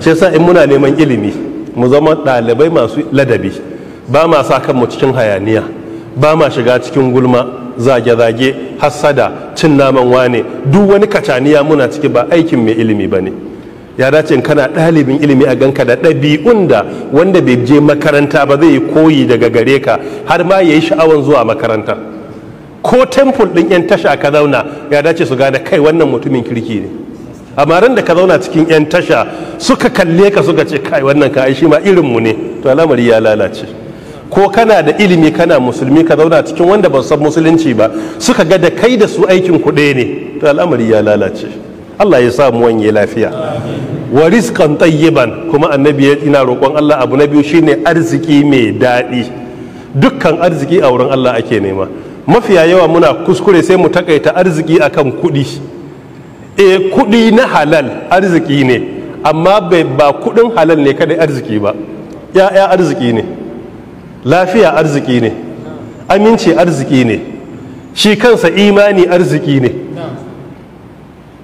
shi yasa in muna neman ilimi mu zama ɗalibai masu ladabi ba ma sa kanmu cikin hayaniya ba ma shiga cikin gulma zage-zage hassada cin naman wane duk wani kacaniya muna ciki ba aikin mai ilimi ba ne ya dace in kana ɗalibin ilimi a ganka da ɗabi'un da wanda bai je makaranta ba zai yi koyi daga gare ka har ma ya yi sha'awan zuwa makaranta ko temple ɗin 'yan tasha ka zauna ya dace su gane kai wannan mutumin kirki ne amma ran da ka zauna cikin 'yan tasha suka kalle ka suka ce kai wannan ka shi ma irinmu ne to al'amari ya lalace ko kana da ilimi kana musulmi ka zauna cikin wanda ba san musulunci ba suka ga da kai da su aikin ku ɗaya ne to al'amari ya lalace Allah ya sa mu wanye lafiya wa rizqan tayyiban kuma annabi ya ina roƙon Allah abu na biyu shine arziki mai daɗi dukkan arziki a wurin Allah ake nema mafiya yawa muna kuskure sai mu takaita arziki akan kuɗi e kuɗi na halal arziki ne amma ba kuɗin halal ne kadai arziki ba ya'ya arziki ne lafiya arziki ne aminci arziki ne shi kansa imani arziki ne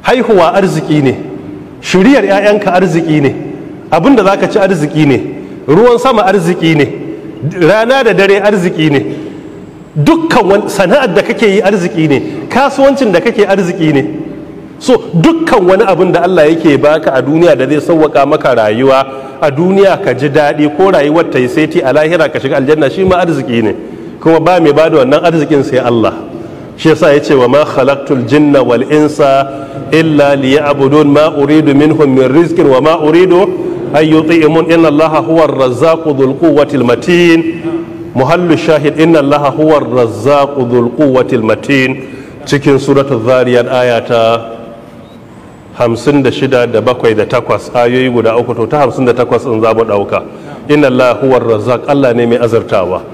haihuwa arziki ne shiriyar 'ya'yanka arziki ne abinda za ka ci arziki ne ruwan sama arziki ne rana da dare arziki ne dukkan sana'ar da kake yi arziki ne kasuwancin da kake arziki ne so dukkan wani abin da Allah yake baka a duniya da zai sauwaka maka rayuwa a duniya ka ji daɗi ko rayuwar ta yi saiti a lahira ka shiga aljanna shi ma arziki ne kuma ba mai bada wannan arzikin sai Allah shi yasa ya ce wa ma khalaqtul jinna wal insa illa liya'budun ma uridu minhum min rizqin wa ma uridu an yuti'imun inna Allah huwa ar-razzaqu dhul quwwati matin muhallu shahid inna Allah huwa ar-razzaqu dhul quwwati matin cikin suratul zariyat ayata hamsin da shida da bakwai da takwas ayoyi guda uku to ta hamsin da takwas in za mu ɗauka inna Allah Allah ne mai azartawa